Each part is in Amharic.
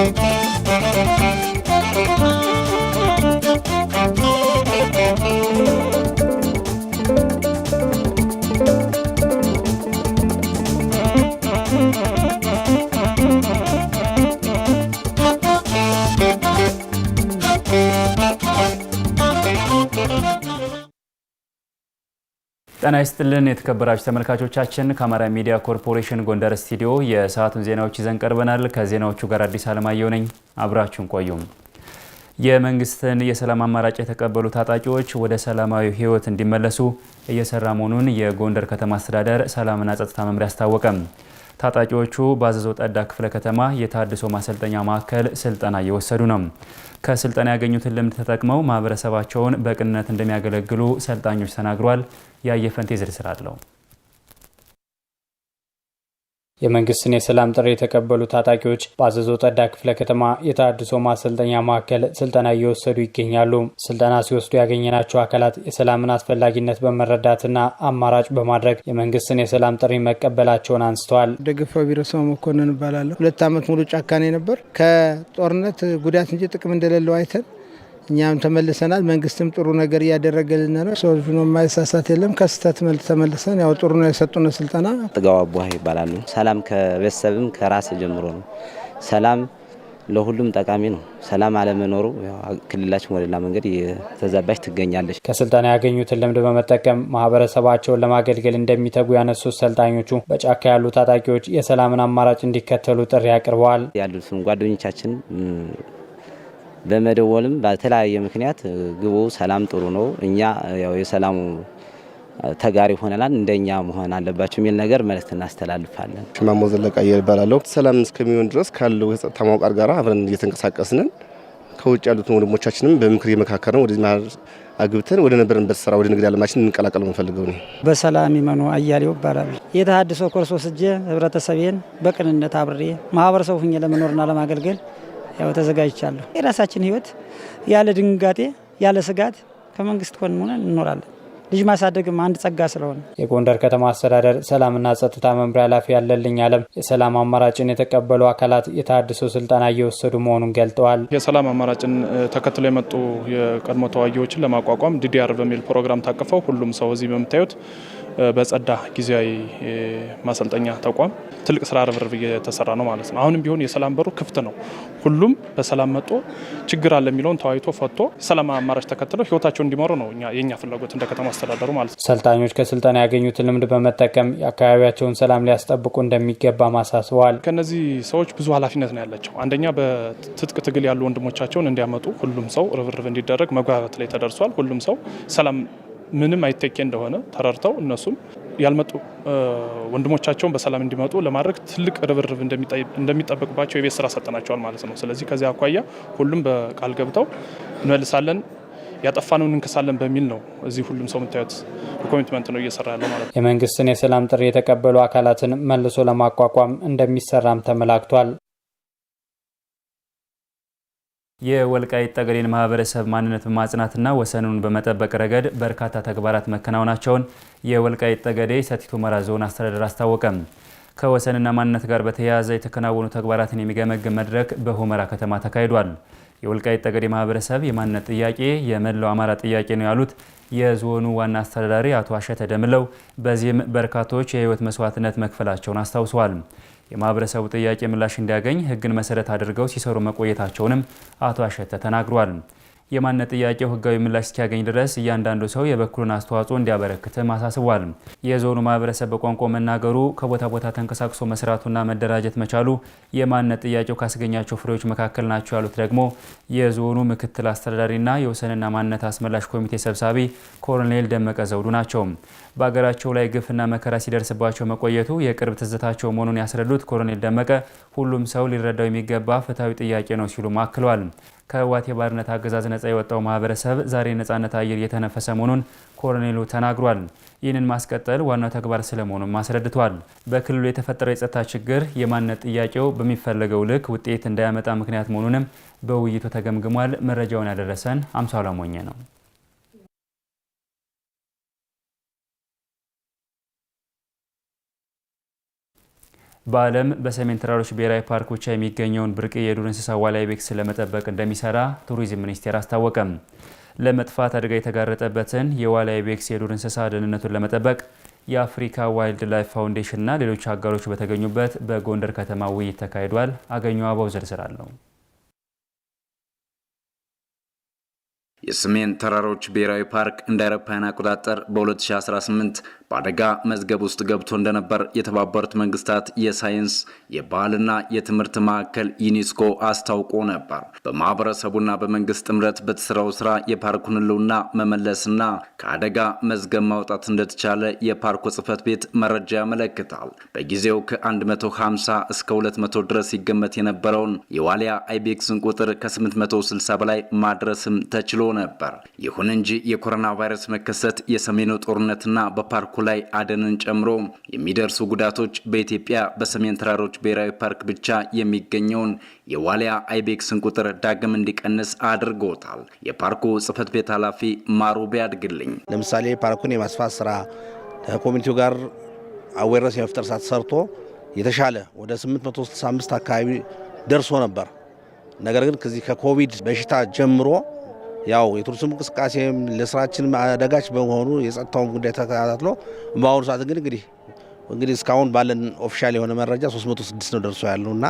Thank you. ጤና ይስጥልን የተከበራችሁ ተመልካቾቻችን፣ ከአማራ ሚዲያ ኮርፖሬሽን ጎንደር ስቱዲዮ የሰዓቱን ዜናዎች ይዘን ቀርበናል። ከዜናዎቹ ጋር አዲስ አለማየሁ ነኝ። አብራችሁን ቆዩም። የመንግስትን የሰላም አማራጭ የተቀበሉ ታጣቂዎች ወደ ሰላማዊ ህይወት እንዲመለሱ እየሰራ መሆኑን የጎንደር ከተማ አስተዳደር ሰላምና ጸጥታ መምሪያ አስታወቀም። ታጣቂዎቹ በአዘዞ ጠዳ ክፍለ ከተማ የታድሶ ማሰልጠኛ ማዕከል ስልጠና እየወሰዱ ነው። ከስልጠና ያገኙትን ልምድ ተጠቅመው ማህበረሰባቸውን በቅንነት እንደሚያገለግሉ ሰልጣኞች ተናግሯል። ያየፈንቴ ዝርዝር አለው። የመንግስትን የሰላም ጥሪ የተቀበሉ ታጣቂዎች በአዘዞ ጠዳ ክፍለ ከተማ የተሃድሶ ማሰልጠኛ ማዕከል ስልጠና እየወሰዱ ይገኛሉ። ስልጠና ሲወስዱ ያገኘናቸው አካላት የሰላምን አስፈላጊነት በመረዳትና አማራጭ በማድረግ የመንግስትን የሰላም ጥሪ መቀበላቸውን አንስተዋል። ደግፈው ቢረሰው መኮንን እባላለሁ። ሁለት ዓመት ሙሉ ጫካኔ ነበር። ከጦርነት ጉዳት እንጂ ጥቅም እንደሌለው አይተን እኛም ተመልሰናል። መንግስትም ጥሩ ነገር እያደረገልን ነው። ሰው ኖ የማይሳሳት የለም። ከስህተት ተመልሰን ያው ጥሩ ነው የሰጡነ ስልጠና። ጥጋው አቡሃ ይባላሉ። ሰላም ከቤተሰብም ከራስ ጀምሮ ነው። ሰላም ለሁሉም ጠቃሚ ነው። ሰላም አለመኖሩ ክልላችን ወደላ መንገድ እየተዛባች ትገኛለች። ከስልጠና ያገኙትን ልምድ በመጠቀም ማህበረሰባቸውን ለማገልገል እንደሚተጉ ያነሱት ሰልጣኞቹ በጫካ ያሉ ታጣቂዎች የሰላምን አማራጭ እንዲከተሉ ጥሪ አቅርበዋል። ያሉትም ጓደኞቻችን በመደወልም በተለያየ ምክንያት ግቡ ሰላም ጥሩ ነው፣ እኛ ያው የሰላሙ ተጋሪ ሆነናል፣ እንደኛ መሆን አለባቸው የሚል ነገር መልእክት እናስተላልፋለን። ሽማሞ ዘለቃ አየር ሰላም እስከሚሆን ድረስ ካለው የጸጥታ መዋቅር ጋር አብረን እየተንቀሳቀስንን ከውጭ ያሉትን ወንድሞቻችንም በምክር የመካከርን ወደዚህ ማህር አግብተን ወደ ነበርንበት ስራ ወደ ንግድ አለማችን እንቀላቀል መፈልገው ነው። በሰላም ይመኑ አያሌው ይባላል። የተሃድሶ ኮርስ ወስጄ ህብረተሰቤን በቅንነት አብሬ ማህበረሰቡ ሁኜ ለመኖርና ለማገልገል ያው ተዘጋጅቻለሁ። የራሳችን ህይወት ያለ ድንጋጤ ያለ ስጋት ከመንግስት ኮን ሆነን እንኖራለን። ልጅ ማሳደግም አንድ ጸጋ ስለሆነ የጎንደር ከተማ አስተዳደር ሰላምና ጸጥታ መምሪያ ኃላፊ ያለልኝ አለም የሰላም አማራጭን የተቀበሉ አካላት የታድሶ ስልጠና እየወሰዱ መሆኑን ገልጠዋል። የሰላም አማራጭን ተከትሎ የመጡ የቀድሞ ተዋጊዎችን ለማቋቋም ዲዲአር በሚል ፕሮግራም ታቅፈው ሁሉም ሰው እዚህ በምታዩት በጸዳ ጊዜያዊ ማሰልጠኛ ተቋም ትልቅ ስራ ርብርብ እየተሰራ ነው ማለት ነው። አሁንም ቢሆን የሰላም በሩ ክፍት ነው። ሁሉም በሰላም መጦ ችግር አለ የሚለውን ተዋይቶ ፈቶ ሰላም አማራጭ ተከትለው ህይወታቸው እንዲመሩ ነው የእኛ ፍላጎት እንደ ከተማ አስተዳደሩ ማለት ነው። ሰልጣኞች ከስልጠና ያገኙትን ልምድ በመጠቀም የአካባቢያቸውን ሰላም ሊያስጠብቁ እንደሚገባ ማሳስበዋል። ከነዚህ ሰዎች ብዙ ኃላፊነት ነው ያላቸው። አንደኛ በትጥቅ ትግል ያሉ ወንድሞቻቸውን እንዲያመጡ ሁሉም ሰው ርብርብ እንዲደረግ መግባባት ላይ ተደርሷል። ሁሉም ሰው ሰላም ምንም አይተኬ እንደሆነ ተረድተው እነሱም ያልመጡ ወንድሞቻቸውን በሰላም እንዲመጡ ለማድረግ ትልቅ ርብርብ እንደሚጠበቅባቸው የቤት ስራ ሰጠናቸዋል ማለት ነው። ስለዚህ ከዚያ አኳያ ሁሉም በቃል ገብተው እንመልሳለን ያጠፋነውን እንክሳለን በሚል ነው። እዚህ ሁሉም ሰው የምታዩት በኮሚትመንት ነው እየሰራ ያለው ማለት ነው። የመንግስትን የሰላም ጥሪ የተቀበሉ አካላትን መልሶ ለማቋቋም እንደሚሰራም ተመላክቷል። የወልቃይት ጠገዴን ማህበረሰብ ማንነት በማጽናትና ወሰኑን በመጠበቅ ረገድ በርካታ ተግባራት መከናወናቸውን የወልቃይት ጠገዴ ሰቲት ሁመራ ዞን አስተዳደር አስታወቀም። ከወሰንና ማንነት ጋር በተያያዘ የተከናወኑ ተግባራትን የሚገመግም መድረክ በሁመራ ከተማ ተካሂዷል። የወልቃይት ጠገዴ ማህበረሰብ የማንነት ጥያቄ የመላው አማራ ጥያቄ ነው ያሉት የዞኑ ዋና አስተዳዳሪ አቶ አሸተ ደምለው፣ በዚህም በርካቶች የህይወት መስዋዕትነት መክፈላቸውን አስታውሰዋል። የማህበረሰቡ ጥያቄ ምላሽ እንዲያገኝ ህግን መሰረት አድርገው ሲሰሩ መቆየታቸውንም አቶ አሸተ ተናግሯል። የማንነት ጥያቄው ህጋዊ ምላሽ እስኪያገኝ ድረስ እያንዳንዱ ሰው የበኩሉን አስተዋጽኦ እንዲያበረክትም አሳስቧል። የዞኑ ማህበረሰብ በቋንቋ መናገሩ፣ ከቦታ ቦታ ተንቀሳቅሶ መስራቱና መደራጀት መቻሉ የማንነት ጥያቄው ካስገኛቸው ፍሬዎች መካከል ናቸው ያሉት ደግሞ የዞኑ ምክትል አስተዳዳሪና የወሰንና ማንነት አስመላሽ ኮሚቴ ሰብሳቢ ኮሎኔል ደመቀ ዘውዱ ናቸው። በሀገራቸው ላይ ግፍና መከራ ሲደርስባቸው መቆየቱ የቅርብ ትዝታቸው መሆኑን ያስረዱት ኮሎኔል ደመቀ ሁሉም ሰው ሊረዳው የሚገባ ፍትሐዊ ጥያቄ ነው ሲሉ አክለዋል። ከህወሓት የባርነት አገዛዝ ነጻ የወጣው ማህበረሰብ ዛሬ ነጻነት አየር እየተነፈሰ መሆኑን ኮሎኔሉ ተናግሯል። ይህንን ማስቀጠል ዋናው ተግባር ስለመሆኑም አስረድቷል። በክልሉ የተፈጠረው የጸጥታ ችግር የማንነት ጥያቄው በሚፈለገው ልክ ውጤት እንዳያመጣ ምክንያት መሆኑንም በውይይቱ ተገምግሟል። መረጃውን ያደረሰን አምሳላ ሞኘ ነው። በዓለም በሰሜን ተራሮች ብሔራዊ ፓርክ ብቻ የሚገኘውን ብርቅ የዱር እንስሳ ዋልያ ቤክስ ለመጠበቅ እንደሚሰራ ቱሪዝም ሚኒስቴር አስታወቀም። ለመጥፋት አደጋ የተጋረጠበትን የዋልያ ቤክስ የዱር እንስሳ ደህንነቱን ለመጠበቅ የአፍሪካ ዋይልድ ላይፍ ፋውንዴሽንና ሌሎች አጋሮች በተገኙበት በጎንደር ከተማ ውይይት ተካሂዷል። አገኘው አበው ዝርዝር አለው። የሰሜን ተራሮች ብሔራዊ ፓርክ እንደ አውሮፓውያን አቆጣጠር በ2018 በአደጋ መዝገብ ውስጥ ገብቶ እንደነበር የተባበሩት መንግስታት የሳይንስ የባህልና የትምህርት ማዕከል ዩኔስኮ አስታውቆ ነበር። በማህበረሰቡና በመንግስት ጥምረት በተሰራው ስራ የፓርኩን ህልውና መመለስና ከአደጋ መዝገብ ማውጣት እንደተቻለ የፓርኩ ጽህፈት ቤት መረጃ ያመለክታል። በጊዜው ከ150 እስከ 200 ድረስ ይገመት የነበረውን የዋሊያ አይቤክስን ቁጥር ከ860 በላይ ማድረስም ተችሎ ነበር። ይሁን እንጂ የኮሮና ቫይረስ መከሰት የሰሜኑ ጦርነትና በፓርኩ ላይ አደንን ጨምሮ የሚደርሱ ጉዳቶች በኢትዮጵያ በሰሜን ተራሮች ብሔራዊ ፓርክ ብቻ የሚገኘውን የዋሊያ አይቤክስን ቁጥር ዳግም እንዲቀንስ አድርጎታል። የፓርኩ ጽህፈት ቤት ኃላፊ ማሩቤ ያድግልኝ ለምሳሌ ፓርኩን የማስፋት ስራ ከኮሚኒቲው ጋር አዌረስ የመፍጠር ሰዓት ሰርቶ የተሻለ ወደ 865 አካባቢ ደርሶ ነበር። ነገር ግን ከዚህ ከኮቪድ በሽታ ጀምሮ ያው የቱሪስም እንቅስቃሴም ለስራችንም አደጋች በመሆኑ የጸጥታውን ጉዳይ ተከታትሎ በአሁኑ ሰዓት ግን እንግዲህ እንግዲህ እስካሁን ባለን ኦፊሻል የሆነ መረጃ 306 ነው ደርሶ ያለው እና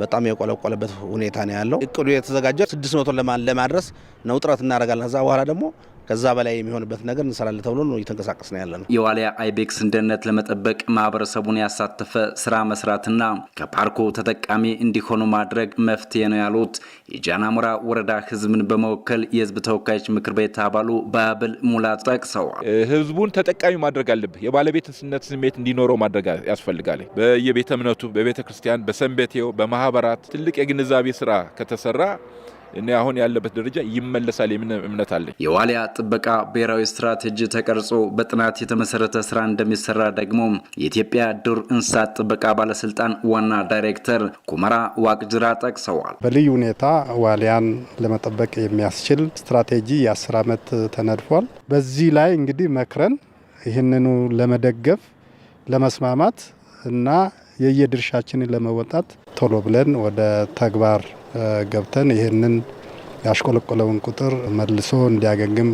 በጣም የቆለቆለበት ሁኔታ ነው ያለው። እቅዱ የተዘጋጀው 600 ለማድረስ ነው ጥረት እናደርጋለን። ከዛ በኋላ ደግሞ ከዛ በላይ የሚሆንበት ነገር እንሰራለን ተብሎ ነው እየተንቀሳቀስ ነው ያለ ነው። የዋሊያ አይቤክስን ደህንነት ለመጠበቅ ማህበረሰቡን ያሳተፈ ስራ መስራትና ከፓርኩ ተጠቃሚ እንዲሆኑ ማድረግ መፍትሄ ነው ያሉት የጃናሞራ ወረዳ ህዝብን በመወከል የህዝብ ተወካዮች ምክር ቤት አባሉ በአብል ሙላት ጠቅሰዋል። ህዝቡን ተጠቃሚ ማድረግ አለብህ። የባለቤትነት ስሜት እንዲኖረው ማድረግ ያስፈልጋል። በየቤተ እምነቱ፣ በቤተ ክርስቲያን፣ በሰንበቴው፣ በማህበራት ትልቅ የግንዛቤ ስራ ከተሰራ እና አሁን ያለበት ደረጃ ይመለሳል የምን እምነት አለኝ። የዋሊያ ጥበቃ ብሔራዊ ስትራቴጂ ተቀርጾ በጥናት የተመሰረተ ስራ እንደሚሰራ ደግሞ የኢትዮጵያ ዱር እንስሳት ጥበቃ ባለስልጣን ዋና ዳይሬክተር ኩመራ ዋቅጅራ ጠቅሰዋል። በልዩ ሁኔታ ዋሊያን ለመጠበቅ የሚያስችል ስትራቴጂ የአስር ዓመት ተነድፏል። በዚህ ላይ እንግዲህ መክረን ይህንኑ ለመደገፍ ለመስማማት እና የየድርሻችንን ለመወጣት ቶሎ ብለን ወደ ተግባር ገብተን ይህንን ያሽቆለቆለውን ቁጥር መልሶ እንዲያገግም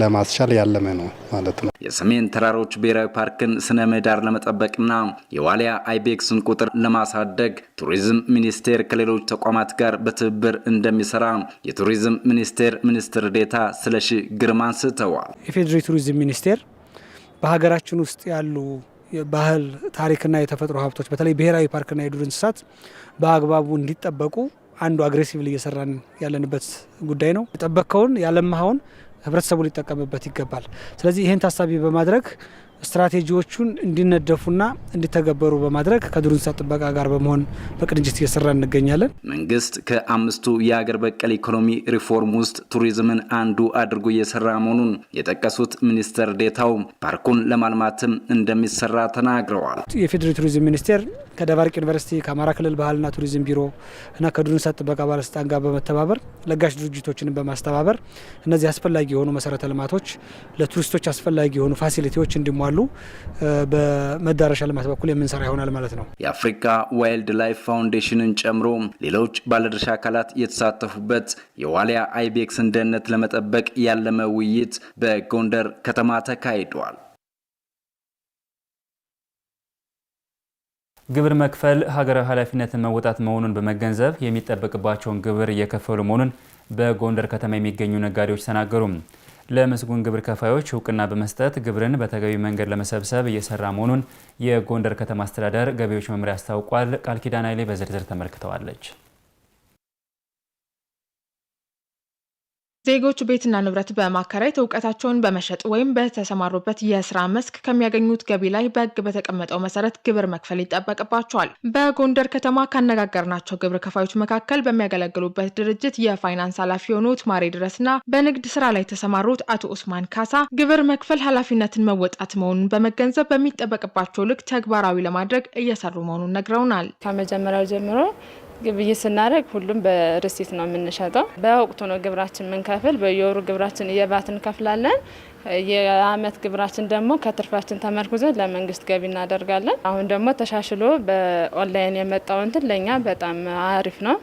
ለማስቻል ያለመ ነው ማለት ነው። የሰሜን ተራሮች ብሔራዊ ፓርክን ስነ ምህዳር ለመጠበቅና የዋሊያ አይቤክስን ቁጥር ለማሳደግ ቱሪዝም ሚኒስቴር ከሌሎች ተቋማት ጋር በትብብር እንደሚሰራ የቱሪዝም ሚኒስቴር ሚኒስትር ዴታ ስለሺ ግርማ አንስተዋል። የፌዴራል ቱሪዝም ሚኒስቴር በሀገራችን ውስጥ ያሉ የባህል ታሪክና የተፈጥሮ ሀብቶች በተለይ ብሔራዊ ፓርክና የዱር እንስሳት በአግባቡ እንዲጠበቁ አንዱ አግሬሲቭሊ እየሰራን ያለንበት ጉዳይ ነው። የጠበቅከውን ያለመሀውን ህብረተሰቡ ሊጠቀምበት ይገባል። ስለዚህ ይህን ታሳቢ በማድረግ ስትራቴጂዎቹን እንዲነደፉና እንዲተገበሩ በማድረግ ከዱር እንስሳት ጥበቃ ጋር በመሆን በቅንጅት እየሰራ እንገኛለን። መንግስት ከአምስቱ የአገር በቀል ኢኮኖሚ ሪፎርም ውስጥ ቱሪዝምን አንዱ አድርጎ እየሰራ መሆኑን የጠቀሱት ሚኒስትር ዴታው ፓርኩን ለማልማትም እንደሚሰራ ተናግረዋል። የፌዴራል ቱሪዝም ሚኒስቴር ከደባርቅ ዩኒቨርሲቲ፣ ከአማራ ክልል ባህልና ቱሪዝም ቢሮ እና ከዱር እንስሳት ጥበቃ ባለስልጣን ጋር በመተባበር ለጋሽ ድርጅቶችን በማስተባበር እነዚህ አስፈላጊ የሆኑ መሰረተ ልማቶች ለቱሪስቶች አስፈላጊ የሆኑ ፋሲሊቲዎች እንዲሟ አሉ። በመዳረሻ ልማት በኩል የምንሰራ ይሆናል ማለት ነው። የአፍሪካ ዋይልድ ላይፍ ፋውንዴሽንን ጨምሮ ሌሎች ባለድርሻ አካላት የተሳተፉበት የዋሊያ አይቤክስን ደህንነት ለመጠበቅ ያለመ ውይይት በጎንደር ከተማ ተካሂዷል። ግብር መክፈል ሀገራዊ ኃላፊነትን መወጣት መሆኑን በመገንዘብ የሚጠበቅባቸውን ግብር እየከፈሉ መሆኑን በጎንደር ከተማ የሚገኙ ነጋዴዎች ተናገሩም። ለምስጉን ግብር ከፋዮች እውቅና በመስጠት ግብርን በተገቢ መንገድ ለመሰብሰብ እየሰራ መሆኑን የጎንደር ከተማ አስተዳደር ገቢዎች መምሪያ አስታውቋል። ቃል ኪዳን ኃይሌ በዝርዝር ተመልክተዋለች። ዜጎች ቤትና ንብረት በማከራየት እውቀታቸውን በመሸጥ ወይም በተሰማሩበት የስራ መስክ ከሚያገኙት ገቢ ላይ በሕግ በተቀመጠው መሰረት ግብር መክፈል ይጠበቅባቸዋል። በጎንደር ከተማ ካነጋገርናቸው ግብር ከፋዮች መካከል በሚያገለግሉበት ድርጅት የፋይናንስ ኃላፊ የሆኑት ማሬ ድረስና በንግድ ስራ ላይ የተሰማሩት አቶ ኡስማን ካሳ ግብር መክፈል ኃላፊነትን መወጣት መሆኑን በመገንዘብ በሚጠበቅባቸው ልክ ተግባራዊ ለማድረግ እየሰሩ መሆኑን ነግረውናል። ከመጀመሪያው ጀምሮ ግብይት ስናደርግ ሁሉም በርሲት ነው የምንሸጠው። በወቅቱ ነው ግብራችን ምንከፍል በየወሩ ግብራችን እየባት እንከፍላለን። የአመት ግብራችን ደግሞ ከትርፋችን ተመርኩዘን ለመንግስት ገቢ እናደርጋለን። አሁን ደግሞ ተሻሽሎ በኦንላይን የመጣው እንትን ለእኛ በጣም አሪፍ ነው።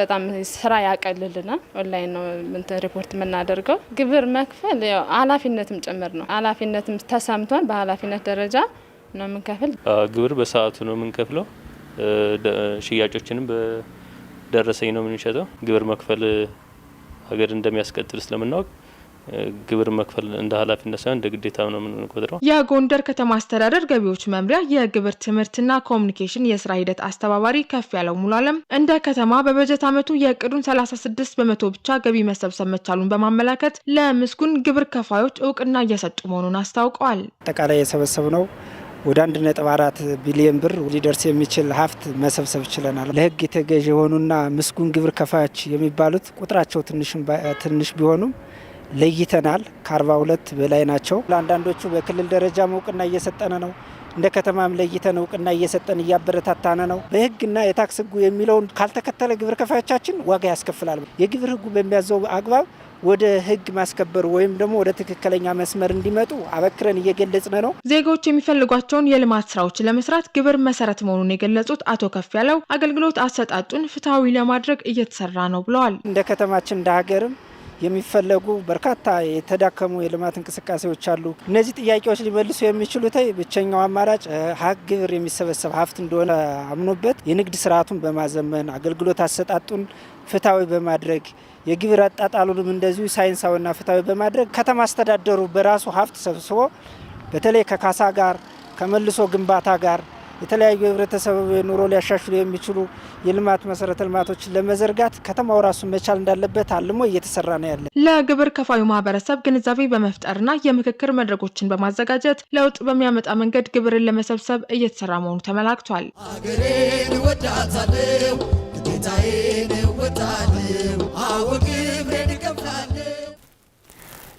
በጣም ስራ ያቀልልናል። ኦንላይን ነው ሪፖርት የምናደርገው። ግብር መክፈል ኃላፊነትም ጭምር ነው። ኃላፊነትም ተሰምቶን በኃላፊነት ደረጃ ነው የምንከፍል። ግብር በሰዓቱ ነው የምንከፍለው ሽያጮችንም በደረሰኝ ነው የምንሸጠው። ግብር መክፈል ሀገር እንደሚያስቀጥል ስለምናውቅ ግብር መክፈል እንደ ኃላፊነት ሳይሆን እንደ ግዴታ ነው የምንቆጥረው። የጎንደር ከተማ አስተዳደር ገቢዎች መምሪያ የግብር ትምህርትና ኮሚኒኬሽን የስራ ሂደት አስተባባሪ ከፍ ያለው ሙሉ አለም እንደ ከተማ በበጀት ዓመቱ የእቅዱን 36 በመቶ ብቻ ገቢ መሰብሰብ መቻሉን በማመላከት ለምስጉን ግብር ከፋዮች እውቅና እየሰጡ መሆኑን አስታውቀዋል። አጠቃላይ የሰበሰብ ነው ወደ 1.4 ቢሊዮን ብር ሊደርስ የሚችል ሀብት መሰብሰብ ችለናል። ለህግ የተገዥ የሆኑና ምስጉን ግብር ከፋዮች የሚባሉት ቁጥራቸው ትንሽ ቢሆኑም ለይተናል። ከ42 በላይ ናቸው። ለአንዳንዶቹ በክልል ደረጃም እውቅና እየሰጠነ ነው። እንደ ከተማም ለይተን እውቅና እየሰጠን እያበረታታነ ነው። በህግና የታክስ ህጉ የሚለውን ካልተከተለ ግብር ከፋዮቻችን ዋጋ ያስከፍላል። የግብር ህጉ በሚያዘው አግባብ ወደ ህግ ማስከበር ወይም ደግሞ ወደ ትክክለኛ መስመር እንዲመጡ አበክረን እየገለጽን ነው። ዜጎች የሚፈልጓቸውን የልማት ስራዎች ለመስራት ግብር መሰረት መሆኑን የገለጹት አቶ ከፍ ያለው አገልግሎት አሰጣጡን ፍትሐዊ ለማድረግ እየተሰራ ነው ብለዋል። እንደ ከተማችን እንደ ሀገርም የሚፈለጉ በርካታ የተዳከሙ የልማት እንቅስቃሴዎች አሉ። እነዚህ ጥያቄዎች ሊመልሱ የሚችሉት ብቸኛው አማራጭ ሀቅ ግብር የሚሰበሰብ ሀብት እንደሆነ አምኖበት የንግድ ስርዓቱን በማዘመን አገልግሎት አሰጣጡን ፍትሐዊ በማድረግ የግብር አጣጣሉንም እንደዚሁ ሳይንሳዊና ፍትሐዊ በማድረግ ከተማ አስተዳደሩ በራሱ ሀብት ሰብስቦ በተለይ ከካሳ ጋር ከመልሶ ግንባታ ጋር የተለያዩ የህብረተሰብ ኑሮ ሊያሻሽሉ የሚችሉ የልማት መሰረተ ልማቶችን ለመዘርጋት ከተማው ራሱን መቻል እንዳለበት አልሞ እየተሰራ ነው ያለ። ለግብር ከፋዩ ማህበረሰብ ግንዛቤ በመፍጠርና የምክክር መድረኮችን በማዘጋጀት ለውጥ በሚያመጣ መንገድ ግብርን ለመሰብሰብ እየተሰራ መሆኑ ተመላክቷል። እወዳታለሁ፣